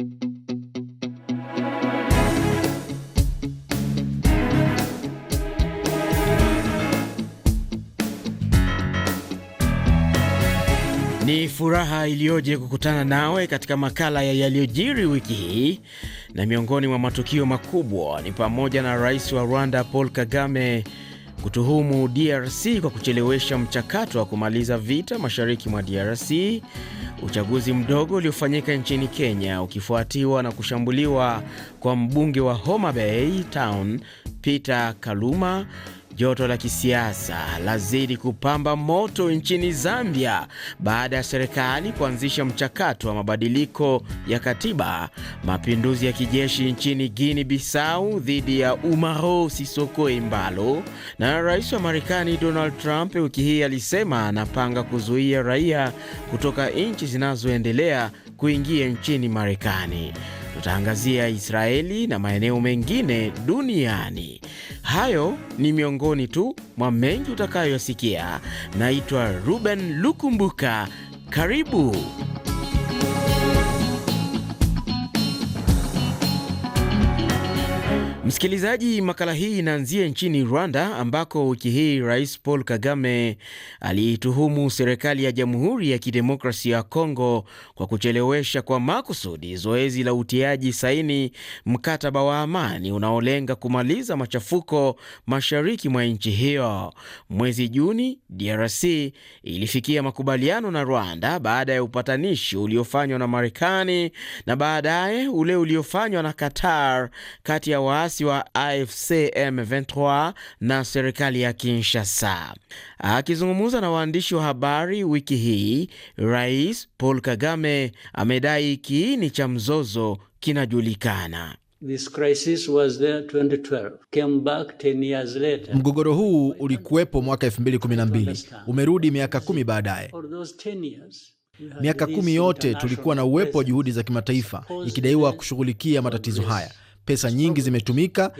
Ni furaha iliyoje kukutana nawe katika makala ya yaliyojiri wiki hii, na miongoni mwa matukio makubwa ni pamoja na rais wa Rwanda Paul Kagame kutuhumu DRC kwa kuchelewesha mchakato wa kumaliza vita mashariki mwa DRC, uchaguzi mdogo uliofanyika nchini Kenya ukifuatiwa na kushambuliwa kwa mbunge wa Homa Bay Town Peter Kaluma Joto la kisiasa lazidi kupamba moto nchini Zambia baada ya serikali kuanzisha mchakato wa mabadiliko ya katiba. Mapinduzi ya kijeshi nchini Guinea Bissau dhidi ya Umaro Sisoko Embalo na rais wa Marekani Donald Trump wiki hii alisema anapanga kuzuia raia kutoka nchi zinazoendelea kuingia nchini Marekani tutaangazia Israeli na maeneo mengine duniani. Hayo ni miongoni tu mwa mengi utakayosikia. Naitwa Ruben Lukumbuka, karibu. Msikilizaji, makala hii inaanzia nchini Rwanda ambako wiki hii Rais Paul Kagame aliituhumu serikali ya Jamhuri ya Kidemokrasia ya Kongo kwa kuchelewesha kwa makusudi zoezi la utiaji saini mkataba wa amani unaolenga kumaliza machafuko mashariki mwa nchi hiyo. Mwezi Juni, DRC ilifikia makubaliano na Rwanda baada ya upatanishi uliofanywa na Marekani na baadaye ule uliofanywa na Qatar kati ya waasi waasi wa AFC M23 na serikali ya Kinshasa. Akizungumza na waandishi wa habari wiki hii, Rais Paul Kagame amedai kiini cha mzozo kinajulikana. This crisis was there 2012. Came back 10 years later. Mgogoro huu ulikuwepo mwaka 2012. Umerudi miaka kumi baadaye. Miaka kumi yote tulikuwa na uwepo wa juhudi za kimataifa ikidaiwa kushughulikia matatizo haya Pesa nyingi zimetumika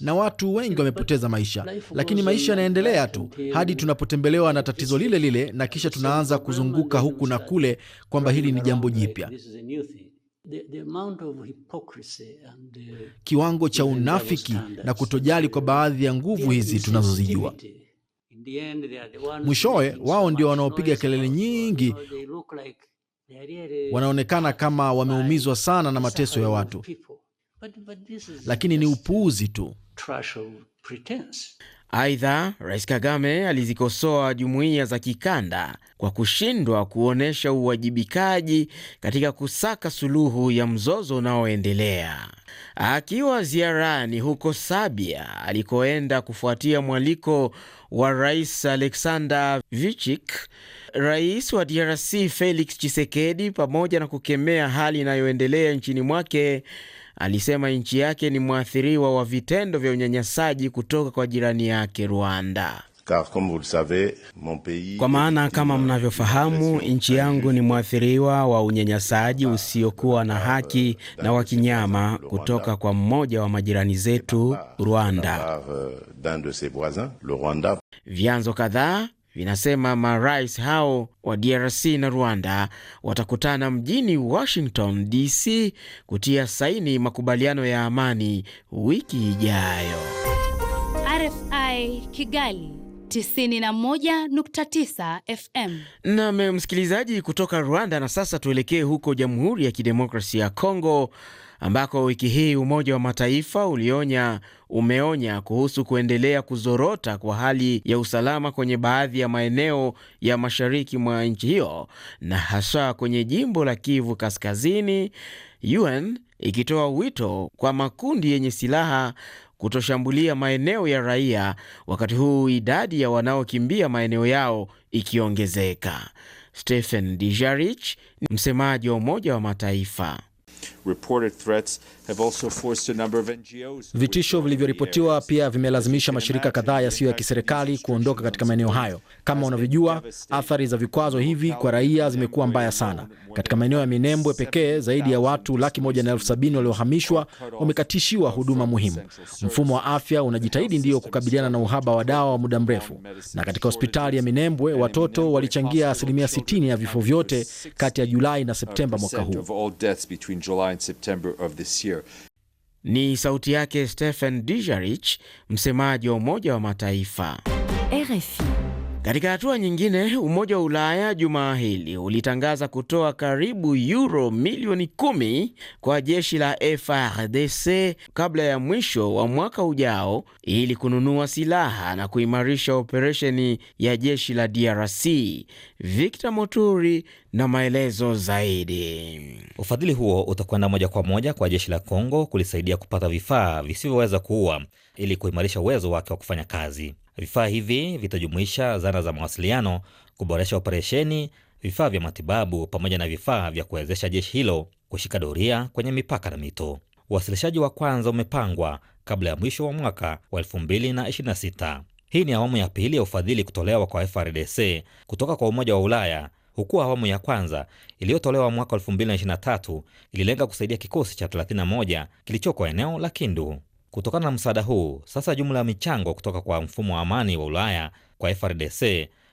na watu wengi wamepoteza maisha, lakini maisha yanaendelea tu hadi tunapotembelewa na tatizo lile lile, na kisha tunaanza kuzunguka huku na kule kwamba hili ni jambo jipya. Uh, Kiwango cha unafiki na kutojali kwa baadhi ya nguvu hizi tunazozijua mwishowe wao ndio wanaopiga kelele nyingi wanaonekana kama wameumizwa sana na mateso ya watu, lakini ni upuuzi tu. Aidha, Rais Kagame alizikosoa jumuiya za kikanda kwa kushindwa kuonyesha uwajibikaji katika kusaka suluhu ya mzozo unaoendelea. Akiwa ziarani huko Sabia alikoenda kufuatia mwaliko wa Rais Alexander Vichik, Rais wa DRC Felix Tshisekedi, pamoja na kukemea hali inayoendelea nchini mwake, alisema nchi yake ni mwathiriwa wa vitendo vya unyanyasaji kutoka kwa jirani yake Rwanda. Kwa maana kama mnavyofahamu, nchi yangu ni mwathiriwa wa unyanyasaji usiokuwa na haki na wa kinyama kutoka kwa mmoja wa majirani zetu Rwanda. Vyanzo kadhaa vinasema marais hao wa DRC na Rwanda watakutana mjini Washington DC kutia saini makubaliano ya amani wiki ijayo. RFI Kigali 91.9 FM. Nam msikilizaji kutoka Rwanda. Na sasa tuelekee huko Jamhuri ya Kidemokrasia ya Kongo ambako wiki hii Umoja wa Mataifa ulionya umeonya kuhusu kuendelea kuzorota kwa hali ya usalama kwenye baadhi ya maeneo ya mashariki mwa nchi hiyo na hasa kwenye jimbo la Kivu Kaskazini, UN ikitoa wito kwa makundi yenye silaha kutoshambulia maeneo ya raia, wakati huu idadi ya wanaokimbia maeneo yao ikiongezeka. Stephen Dijarich msemaji wa Umoja wa Mataifa. reported threats Vitisho vilivyoripotiwa pia vimelazimisha mashirika kadhaa yasiyo ya kiserikali kuondoka katika maeneo hayo. Kama unavyojua, athari za vikwazo hivi kwa raia zimekuwa mbaya sana. Katika maeneo ya Minembwe pekee, zaidi ya watu laki moja na elfu sabini waliohamishwa wamekatishiwa huduma muhimu. Mfumo wa afya unajitahidi ndiyo kukabiliana na uhaba wa dawa wa muda mrefu, na katika hospitali ya Minembwe watoto walichangia asilimia 60 ya vifo vyote kati ya Julai na Septemba mwaka huu year. Ni sauti yake Stephen Dijarich, msemaji wa Umoja wa Mataifa, RFI. Katika hatua nyingine, Umoja wa Ulaya jumaa hili ulitangaza kutoa karibu euro milioni kumi kwa jeshi la frdc kabla ya mwisho wa mwaka ujao ili kununua silaha na kuimarisha operesheni ya jeshi la DRC. Victor Moturi na maelezo zaidi. Ufadhili huo utakwenda moja kwa moja kwa jeshi la congo kulisaidia kupata vifaa visivyoweza kuua ili kuimarisha uwezo wake wa kufanya kazi. Vifaa hivi vitajumuisha zana za mawasiliano, kuboresha operesheni, vifaa vya matibabu pamoja na vifaa vya kuwezesha jeshi hilo kushika doria kwenye mipaka na mito. Uwasilishaji wa kwanza umepangwa kabla ya mwisho wa mwaka wa 2026. Hii ni awamu ya pili ya ufadhili kutolewa kwa frdc kutoka kwa Umoja wa Ulaya, huku awamu ya kwanza iliyotolewa mwaka 2023 ililenga kusaidia kikosi cha 31 kilichoko eneo la Kindu. Kutokana na msaada huu, sasa jumla ya michango kutoka kwa mfumo wa amani wa Ulaya kwa frdc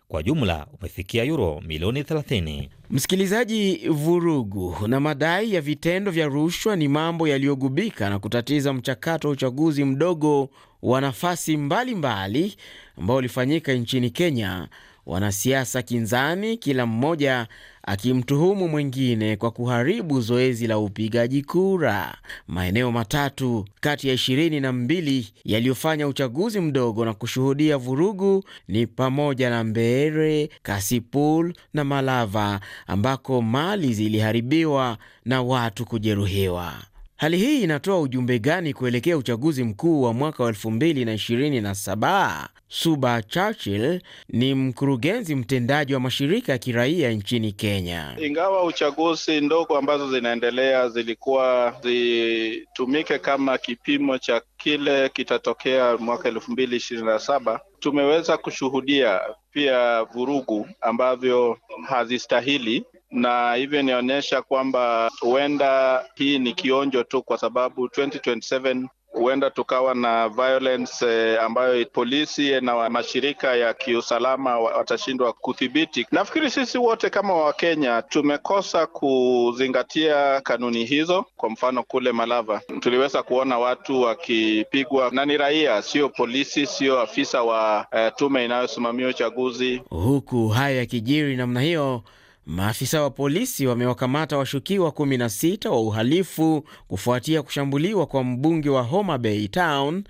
kwa jumla umefikia euro milioni 30. Msikilizaji, vurugu na madai ya vitendo vya rushwa ni mambo yaliyogubika na kutatiza mchakato wa uchaguzi mdogo wa nafasi mbalimbali ambao ulifanyika nchini Kenya wanasiasa kinzani, kila mmoja akimtuhumu mwingine kwa kuharibu zoezi la upigaji kura. Maeneo matatu kati ya ishirini na mbili yaliyofanya uchaguzi mdogo na kushuhudia vurugu ni pamoja na Mbeere, Kasipul na Malava ambako mali ziliharibiwa na watu kujeruhiwa. Hali hii inatoa ujumbe gani kuelekea uchaguzi mkuu wa mwaka wa 2027? Suba Churchill ni mkurugenzi mtendaji wa mashirika ya kiraia nchini Kenya. Ingawa uchaguzi ndogo ambazo zinaendelea zilikuwa zitumike kama kipimo cha kile kitatokea mwaka 2027, tumeweza kushuhudia pia vurugu ambavyo hazistahili na hivyo inaonyesha kwamba huenda hii ni kionjo tu, kwa sababu 2027 huenda tukawa na violence eh, ambayo polisi na mashirika ya kiusalama watashindwa kudhibiti. Nafikiri sisi wote kama Wakenya tumekosa kuzingatia kanuni hizo. Kwa mfano kule Malava tuliweza kuona watu wakipigwa, na ni raia, sio polisi, sio afisa wa eh, tume inayosimamia uchaguzi. Huku haya yakijiri namna hiyo Maafisa wa polisi wamewakamata washukiwa 16 wa uhalifu kufuatia kushambuliwa kwa mbunge wa Homa Bay Town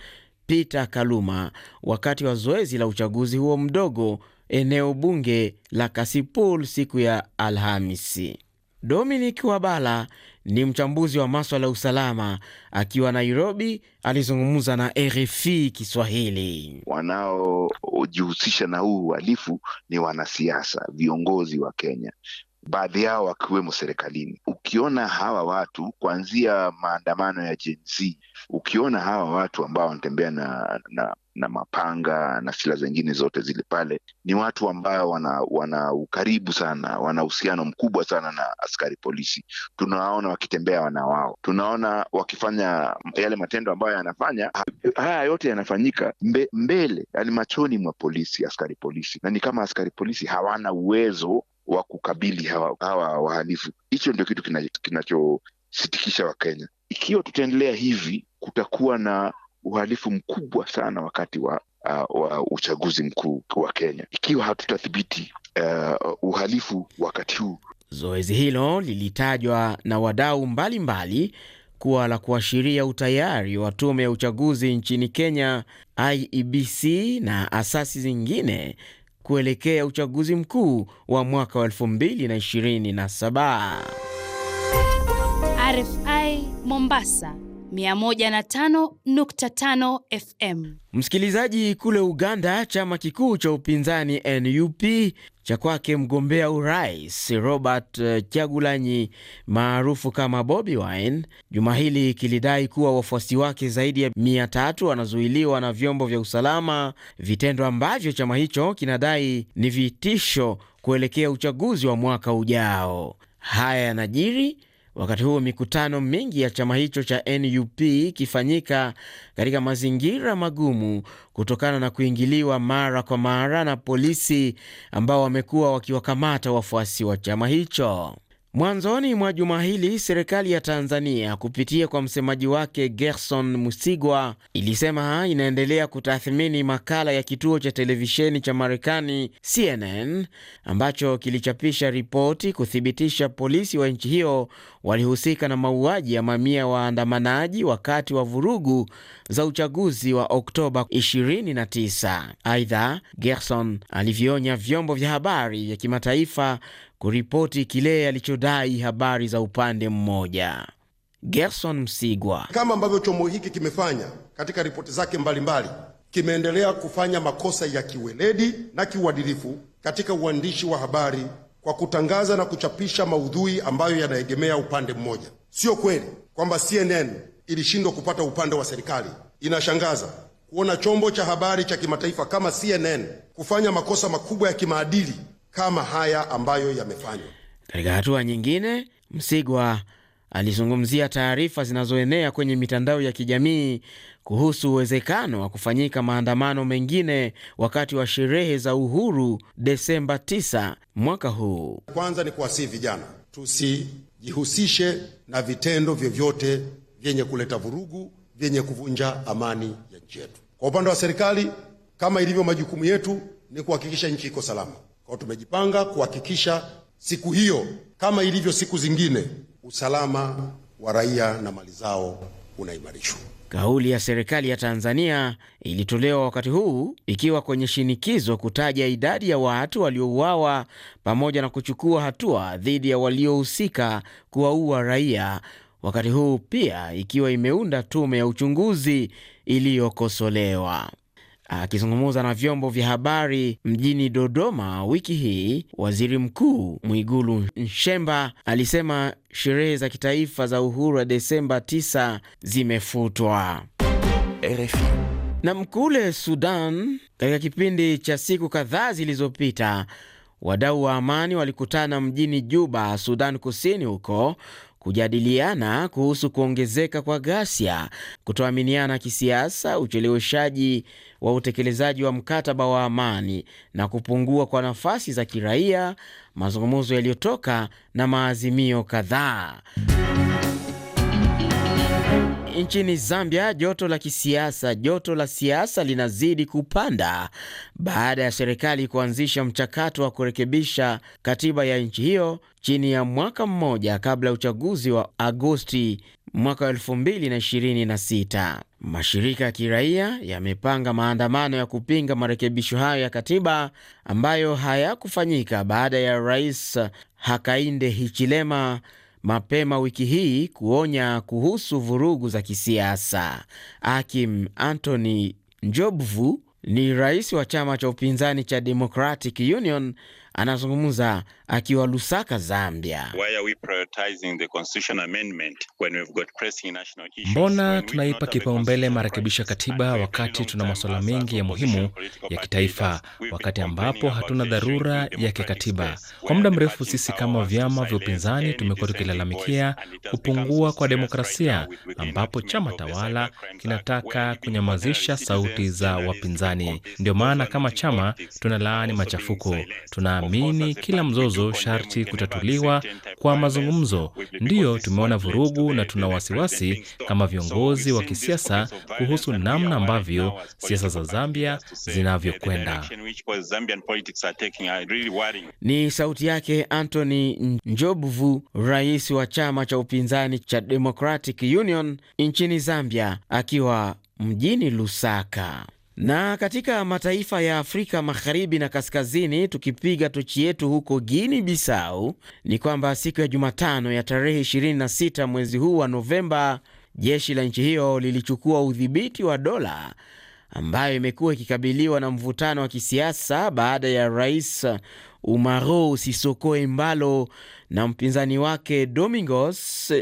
Peter Kaluma wakati wa zoezi la uchaguzi huo mdogo eneo bunge la Kasipul siku ya Alhamisi. Dominic Wabala ni mchambuzi wa maswala ya usalama akiwa Nairobi. Alizungumza na RFI Kiswahili. Wanaojihusisha na huu uhalifu ni wanasiasa, viongozi wa Kenya, baadhi yao wakiwemo serikalini. Ukiona hawa watu kuanzia maandamano ya Gen Z, ukiona hawa watu ambao wanatembea na, na na mapanga na silaha zingine zote zile pale. Ni watu ambao wana, wana ukaribu sana, wana uhusiano mkubwa sana na askari polisi. Tunawaona wakitembea wana wao, tunaona wakifanya yale matendo ambayo yanafanya haya yote yanafanyika mbe, mbele, yani machoni mwa polisi, askari polisi, na ni kama askari polisi hawana uwezo wa kukabili hawa, hawa wahalifu. Hicho ndio kitu kinachositikisha kina Wakenya. Ikiwa tutaendelea hivi, kutakuwa na uhalifu mkubwa sana wakati wa, uh, wa uchaguzi mkuu wa Kenya ikiwa hatutathibiti uh, uhalifu wakati huu. Zoezi hilo lilitajwa na wadau mbalimbali kuwa la kuashiria utayari wa tume ya uchaguzi nchini Kenya IEBC na asasi zingine kuelekea uchaguzi mkuu wa mwaka wa 2027. RFI Mombasa 105.5 FM. Msikilizaji, kule Uganda chama kikuu cha upinzani NUP cha kwake mgombea urais Robert chagulanyi eh, maarufu kama Bobi Wine juma hili kilidai kuwa wafuasi wake zaidi ya mia tatu wanazuiliwa na vyombo vya usalama, vitendo ambavyo chama hicho kinadai ni vitisho kuelekea uchaguzi wa mwaka ujao. Haya yanajiri wakati huu mikutano mingi ya chama hicho cha NUP ikifanyika katika mazingira magumu kutokana na kuingiliwa mara kwa mara na polisi ambao wamekuwa wakiwakamata wafuasi wa chama hicho. Mwanzoni mwa juma hili serikali ya Tanzania kupitia kwa msemaji wake Gerson Musigwa ilisema inaendelea kutathmini makala ya kituo cha televisheni cha Marekani CNN ambacho kilichapisha ripoti kuthibitisha polisi wa nchi hiyo walihusika na mauaji ya mamia waandamanaji wakati wa vurugu za uchaguzi wa Oktoba 29. Aidha, Gerson alivyoonya vyombo vya habari vya kimataifa kuripoti kile alichodai habari za upande mmoja. Gerson Msigwa: kama ambavyo chombo hiki kimefanya katika ripoti zake mbalimbali, kimeendelea kufanya makosa ya kiweledi na kiuadilifu katika uandishi wa habari kwa kutangaza na kuchapisha maudhui ambayo yanaegemea upande mmoja. Sio kweli kwamba CNN ilishindwa kupata upande wa serikali. Inashangaza kuona chombo cha habari cha kimataifa kama CNN kufanya makosa makubwa ya kimaadili kama haya ambayo yamefanywa. Katika hatua nyingine, Msigwa alizungumzia taarifa zinazoenea kwenye mitandao ya kijamii kuhusu uwezekano wa kufanyika maandamano mengine wakati wa sherehe za uhuru Desemba 9 mwaka huu. Kwanza ni kuwasihi vijana tusijihusishe na vitendo vyovyote vyenye kuleta vurugu, vyenye kuvunja amani ya nchi yetu. Kwa upande wa serikali, kama ilivyo majukumu yetu, ni kuhakikisha nchi iko salama kwa tumejipanga kuhakikisha siku hiyo kama ilivyo siku zingine usalama wa raia na mali zao unaimarishwa. Kauli ya serikali ya Tanzania ilitolewa wakati huu ikiwa kwenye shinikizo kutaja idadi ya watu waliouawa pamoja na kuchukua hatua dhidi ya waliohusika kuwaua raia, wakati huu pia ikiwa imeunda tume ya uchunguzi iliyokosolewa. Akizungumza na vyombo vya habari mjini Dodoma wiki hii, Waziri Mkuu Mwigulu nshemba alisema sherehe za kitaifa za uhuru wa Desemba 9 zimefutwa. RFI. Na mkule Sudan, katika kipindi cha siku kadhaa zilizopita, wadau wa amani walikutana mjini Juba, Sudan Kusini huko kujadiliana kuhusu kuongezeka kwa ghasia, kutoaminiana kisiasa, ucheleweshaji wa utekelezaji wa mkataba wa amani na kupungua kwa nafasi za kiraia, mazungumzo yaliyotoka na maazimio kadhaa. Nchini Zambia, joto la kisiasa, joto la siasa linazidi kupanda baada ya serikali kuanzisha mchakato wa kurekebisha katiba ya nchi hiyo chini ya mwaka mmoja kabla ya uchaguzi wa Agosti mwaka 2026. Mashirika ya kiraia yamepanga maandamano ya kupinga marekebisho hayo ya katiba ambayo hayakufanyika baada ya Rais Hakainde Hichilema mapema wiki hii kuonya kuhusu vurugu za kisiasa. Akim Anthony Njobvu ni rais wa chama cha upinzani cha Democratic Union, anazungumza akiwa Lusaka, Zambia. Mbona tunaipa kipaumbele marekebisho ya katiba wakati tuna masuala mengi ya muhimu ya kitaifa, wakati ambapo hatuna dharura ya kikatiba? Kwa muda mrefu, sisi kama vyama vya upinzani tumekuwa tukilalamikia kupungua kwa demokrasia, ambapo chama tawala kinataka kunyamazisha sauti za wapinzani. Ndio maana kama chama tunalaani machafuko, tunaamini kila mzozo ambazo sharti kutatuliwa kwa mazungumzo. Ndiyo tumeona vurugu na tuna wasiwasi kama viongozi wa kisiasa kuhusu namna ambavyo siasa za Zambia zinavyokwenda. Ni sauti yake Anthony njobvu rais wa chama cha upinzani cha Democratic Union nchini Zambia, akiwa mjini Lusaka. Na katika mataifa ya Afrika magharibi na kaskazini, tukipiga tochi yetu huko guini Bissau, ni kwamba siku ya Jumatano ya tarehe 26 mwezi huu wa Novemba, jeshi la nchi hiyo lilichukua udhibiti wa dola ambayo imekuwa ikikabiliwa na mvutano wa kisiasa baada ya rais Umaro Sisoko Embalo na mpinzani wake Domingos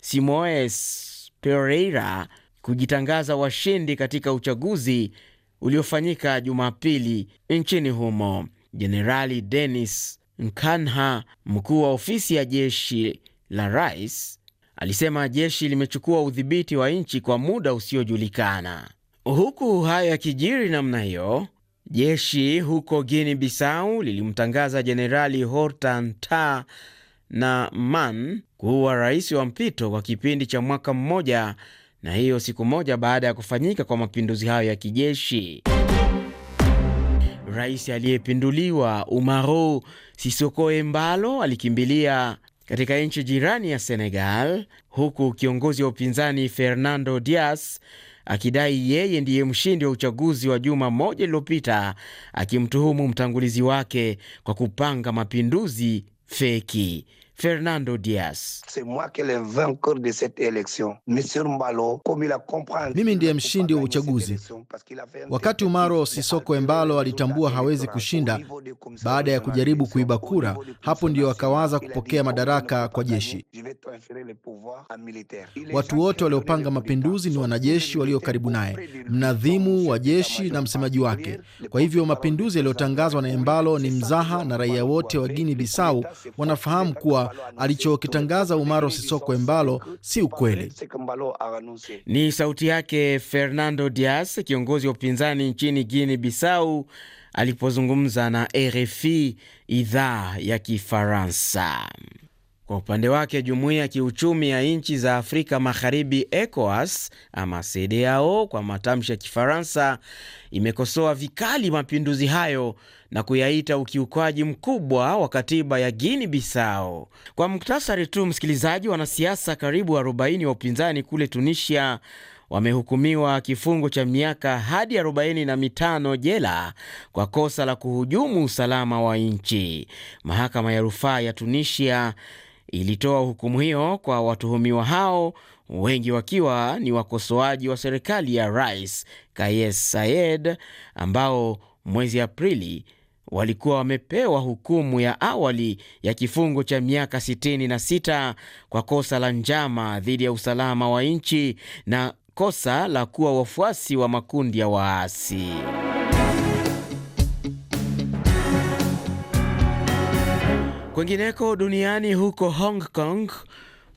Simoes Pereira kujitangaza washindi katika uchaguzi uliofanyika Jumapili nchini humo. Jenerali Denis Nkanha, mkuu wa ofisi ya jeshi la rais, alisema jeshi limechukua udhibiti wa nchi kwa muda usiojulikana. Huku hayo yakijiri namna hiyo, jeshi huko guini Bissau lilimtangaza Jenerali Hortan Ta na Man kuwa rais wa mpito kwa kipindi cha mwaka mmoja na hiyo siku moja baada ya kufanyika kwa mapinduzi hayo ya kijeshi. Rais aliyepinduliwa umaro Sisoko Embalo alikimbilia katika nchi jirani ya Senegal, huku kiongozi wa upinzani Fernando Dias akidai yeye ndiye mshindi wa uchaguzi wa juma moja iliyopita, akimtuhumu mtangulizi wake kwa kupanga mapinduzi feki. Fernando Diaz. Mimi ndiye mshindi wa uchaguzi. Wakati Umaro Sisoko Embalo alitambua hawezi kushinda baada ya kujaribu kuiba kura, hapo ndio akawaza kupokea madaraka kwa jeshi. Watu wote waliopanga mapinduzi ni wanajeshi walio karibu naye, mnadhimu wa jeshi na msemaji wake. Kwa hivyo mapinduzi yaliyotangazwa na Embalo ni mzaha, na raia wote wa Guinea Bissau wanafahamu kuwa alichokitangaza Umaro Sisoko Embalo si ukweli. Ni sauti yake Fernando Dias, kiongozi wa upinzani nchini Guini Bissau, alipozungumza na RFI idhaa ya Kifaransa. Kwa upande wake jumuiya ya kiuchumi ya nchi za Afrika Magharibi, ECOWAS ama CEDEAO kwa matamshi ya Kifaransa, imekosoa vikali mapinduzi hayo na kuyaita ukiukwaji mkubwa wa katiba ya Guini Bisao. Kwa muktasari tu, msikilizaji, wanasiasa karibu 40 wa upinzani kule Tunisia wamehukumiwa kifungo cha miaka hadi 45 jela kwa kosa la kuhujumu usalama wa nchi. Mahakama ya rufaa ya Tunisia ilitoa hukumu hiyo kwa watuhumiwa hao, wengi wakiwa ni wakosoaji wa serikali ya Rais Kais Saied ambao mwezi Aprili walikuwa wamepewa hukumu ya awali ya kifungo cha miaka 66 kwa kosa la njama dhidi ya usalama wa nchi na kosa la kuwa wafuasi wa makundi ya waasi. Kwingineko duniani, huko Hong Kong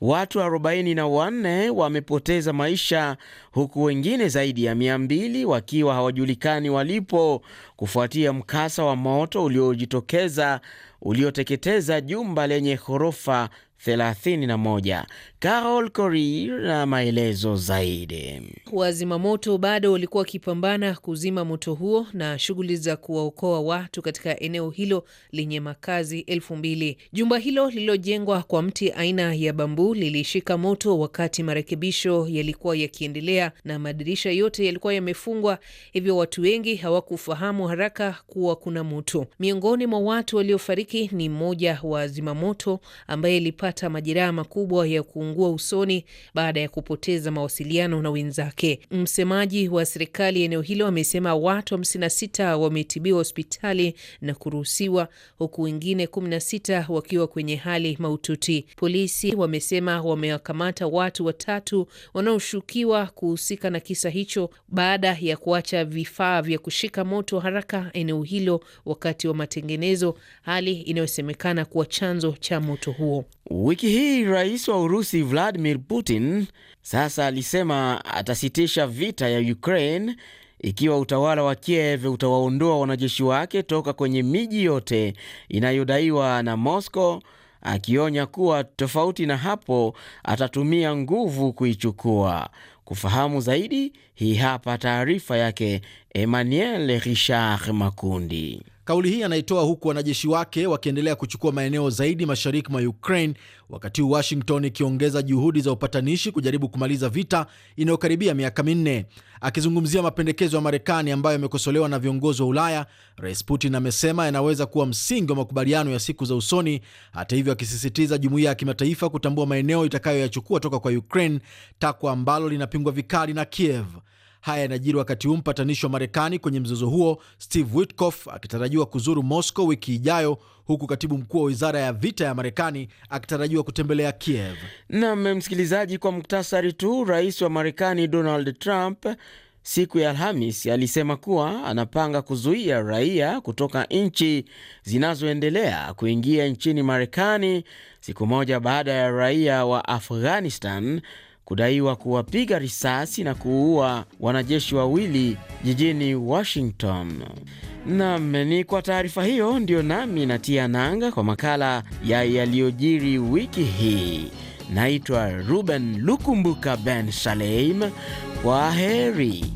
Watu 44 wamepoteza maisha huku wengine zaidi ya 200 wakiwa hawajulikani walipo kufuatia mkasa wa moto uliojitokeza ulioteketeza jumba lenye ghorofa 31. Carol Korir na maelezo zaidi. Wazima moto bado walikuwa wakipambana kuzima moto huo na shughuli za kuwaokoa watu katika eneo hilo lenye makazi elfu mbili. Jumba hilo lililojengwa kwa mti aina ya bambu lilishika moto wakati marekebisho yalikuwa yakiendelea, na madirisha yote yalikuwa yamefungwa, hivyo watu wengi hawakufahamu haraka kuwa kuna moto. Miongoni mwa watu waliofariki ni mmoja wa zimamoto ambaye alipata majeraha makubwa ya ku kujichangua usoni baada ya kupoteza mawasiliano na wenzake. Msemaji wa serikali eneo hilo amesema watu 56 wametibiwa hospitali na kuruhusiwa, huku wengine 16 wakiwa kwenye hali mahututi. Polisi wamesema wamewakamata watu watatu wanaoshukiwa kuhusika na kisa hicho baada ya kuacha vifaa vya kushika moto haraka eneo hilo wakati wa matengenezo, hali inayosemekana kuwa chanzo cha moto huo. Wiki hii rais wa Urusi Vladimir Putin sasa alisema atasitisha vita ya Ukraine ikiwa utawala wa Kiev utawaondoa wanajeshi wake toka kwenye miji yote inayodaiwa na Moscow, akionya kuwa tofauti na hapo atatumia nguvu kuichukua. Kufahamu zaidi, hii hapa taarifa yake Emmanuel Richard Makundi. Kauli hii anaitoa huku wanajeshi wake wakiendelea kuchukua maeneo zaidi mashariki mwa Ukraine, wakati Washington ikiongeza juhudi za upatanishi kujaribu kumaliza vita inayokaribia miaka minne. Akizungumzia mapendekezo ya Marekani ambayo yamekosolewa na viongozi wa Ulaya, Rais Putin amesema yanaweza kuwa msingi wa makubaliano ya siku za usoni, hata hivyo akisisitiza jumuiya ya kimataifa kutambua maeneo itakayoyachukua toka kwa Ukraine, takwa ambalo linapingwa vikali na Kiev. Haya yanajiri wakati huu mpatanishi wa Marekani kwenye mzozo huo Steve Witkoff akitarajiwa kuzuru Moscow wiki ijayo huku katibu mkuu wa wizara ya vita ya Marekani akitarajiwa kutembelea Kiev. Nam msikilizaji, kwa muktasari tu, rais wa Marekani Donald Trump siku ya Alhamis alisema kuwa anapanga kuzuia raia kutoka nchi zinazoendelea kuingia nchini Marekani, siku moja baada ya raia wa Afghanistan kudaiwa kuwapiga risasi na kuua wanajeshi wawili jijini Washington. Nam, ni kwa taarifa hiyo ndiyo nami natia nanga kwa makala ya yaliyojiri wiki hii. Naitwa Ruben Lukumbuka Ben Saleim, kwa heri.